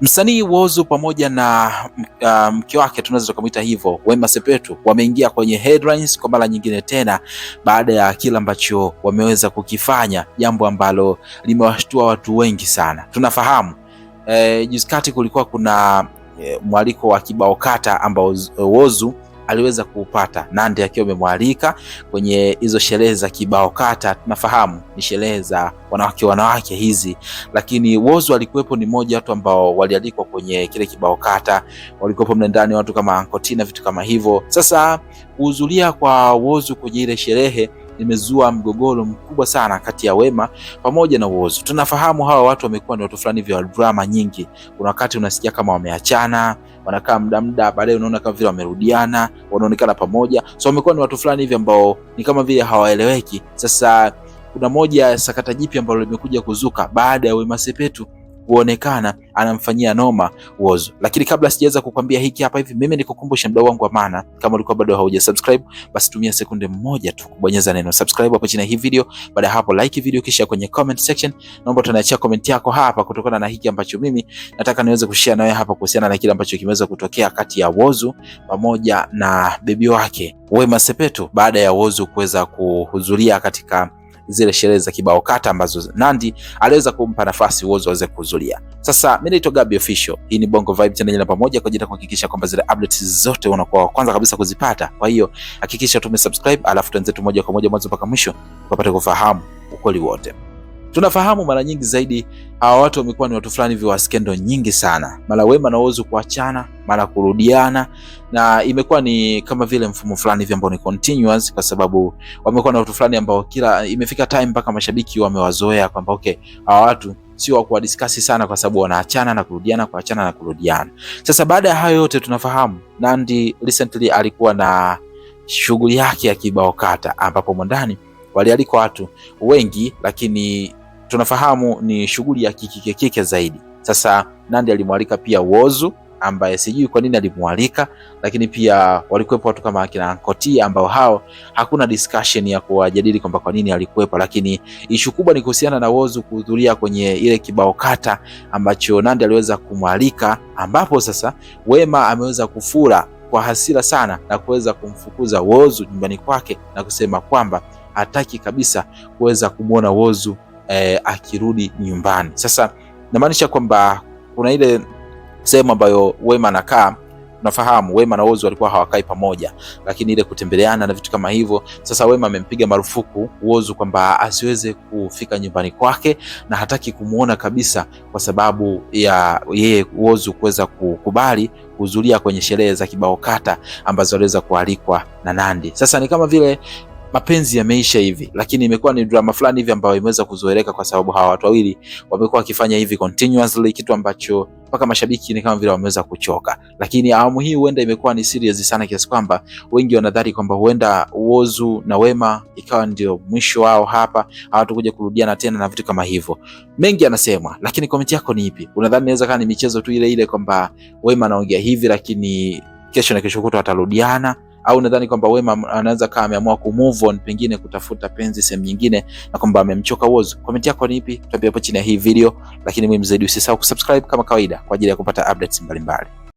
Msanii Whozu pamoja na uh, mke wake tunaweza tukamwita hivyo, Wema Sepetu, wameingia kwenye headlines kwa mara nyingine tena baada ya kile ambacho wameweza kukifanya, jambo ambalo limewashtua watu wengi sana. Tunafahamu eh, juzi kati kulikuwa kuna eh, mwaliko wa kibao kata ambao eh, Whozu aliweza kuupata, Nandi akiwa amemwalika kwenye hizo sherehe za kibao kata. Tunafahamu ni sherehe za wanawake wanawake hizi, lakini Whozu alikuwepo, ni mmoja watu ambao walialikwa kwenye kile kibao kata, walikuwepo mle ndani watu kama Ankotina, vitu kama hivyo. Sasa kuhudhuria kwa Whozu kwenye ile sherehe imezua mgogoro mkubwa sana kati ya Wema pamoja na Whozu. Tunafahamu hawa watu wamekuwa ni watu fulani vya drama nyingi. Kuna wakati unasikia kama wameachana, wanakaa muda muda, baadaye unaona kama vile wamerudiana, wanaonekana pamoja. So wamekuwa ni watu fulani hivi ambao ni kama vile hawaeleweki. Sasa kuna moja sakata jipya ambalo limekuja kuzuka baada ya Wema Sepetu huonekana anamfanyia noma Whozu. Lakini kabla sijaweza kukwambia hiki hapa hivi, mimi nikukumbushe mdau wangu wa maana, kama ulikuwa bado hauja subscribe, basi tumia sekunde moja tu kubonyeza neno subscribe hapo chini ya hii video. Baada hapo, like video, kisha kwenye comment section naomba tunaachia comment yako hapa, kutokana na hiki ambacho mimi nataka niweze kushare nawe hapa kuhusiana na kile ambacho kimeweza kutokea kati ya Whozu pamoja na bibi wake Wema Sepetu baada ya Whozu kuweza kuhudhuria katika zile sherehe za kibao kata ambazo nandi aliweza kumpa nafasi uwezo aweze kuhudhuria. Sasa mimi naitwa Gabby Official. Hii ni Bongo Vibe channel namba moja kwa ajili ya kuhakikisha kwamba zile updates zote unakuwa wa kwanza kabisa kuzipata. Kwa hiyo hakikisha tumesubscribe, alafu tuanze tu moja kwa moja mwanzo mpaka mwisho ukapata kufahamu ukweli wote. Tunafahamu mara nyingi zaidi hawa watu wamekuwa ni watu fulani viwa skendo nyingi sana, mara Wema na Whozu kuachana, mara kurudiana, na imekuwa ni kama vile mfumo fulani hivi ambao ni continuous, kwa sababu wamekuwa na watu fulani ambao kila imefika time mpaka mashabiki wamewazoea kwamba okay, hawa watu sio wa kuwadiskasi sana, kwa sababu wanaachana na kurudiana, kuachana na kurudiana. Sasa baada ya hayo yote, tunafahamu Nandy recently alikuwa na shughuli yake ya kibao kata, ambapo mwandani walialikwa watu wengi, lakini tunafahamu ni shughuli ya kikikekike zaidi. Sasa Nandi alimwalika pia Wozu ambaye sijui kwa nini alimwalika, lakini pia walikuwepo watu kama akina Koti ambao hao hakuna discussion ya kuwajadili kwamba kwa nini alikuwepo, lakini ishu kubwa ni kuhusiana na Wozu kuhudhuria kwenye ile kibao kata ambacho Nandi aliweza kumwalika, ambapo sasa Wema ameweza kufura kwa hasira sana na kuweza kumfukuza Wozu nyumbani kwake na kusema kwamba hataki kabisa kuweza kumwona Wozu eh, akirudi nyumbani. Sasa namaanisha kwamba kuna ile sehemu ambayo Wema anakaa Nafahamu Wema na Ozi walikuwa hawakai pamoja, lakini ile kutembeleana na vitu kama hivyo. Sasa Wema amempiga marufuku Whozu kwamba asiweze kufika nyumbani kwake na hataki kumwona kabisa, kwa sababu ya yeye uozu kuweza kukubali kuhudhuria kwenye sherehe za kibao kata ambazo aliweza kualikwa na nandi Sasa ni kama vile mapenzi yameisha hivi, lakini imekuwa ni drama fulani hivi ambayo imeweza kuzoeleka kwa sababu hawa watu wawili wamekuwa wakifanya hivi continuously, kitu ambacho mpaka mashabiki ni kama vile wameweza kuchoka. Lakini awamu hii huenda imekuwa ni serious sana kiasi kwamba wengi wanadhani kwamba huenda Whozu na Wema ikawa ndio mwisho wao hapa, hawatakuja kurudiana tena na vitu kama hivyo. Mengi yanasemwa, lakini komenti yako ni ipi? Unadhani inaweza kuwa ni michezo tu ile ile kwamba Wema anaongea hivi lakini kesho na kesho kutwa watarudiana au nadhani kwamba Wema anaweza kama ameamua ku move on, pengine kutafuta penzi sehemu nyingine, na kwamba amemchoka Whozu. Comment yako ni ipi? Tuambie hapo chini ya hii video, lakini muhimu zaidi usisahau kusubscribe kama kawaida kwa ajili ya kupata updates mbalimbali.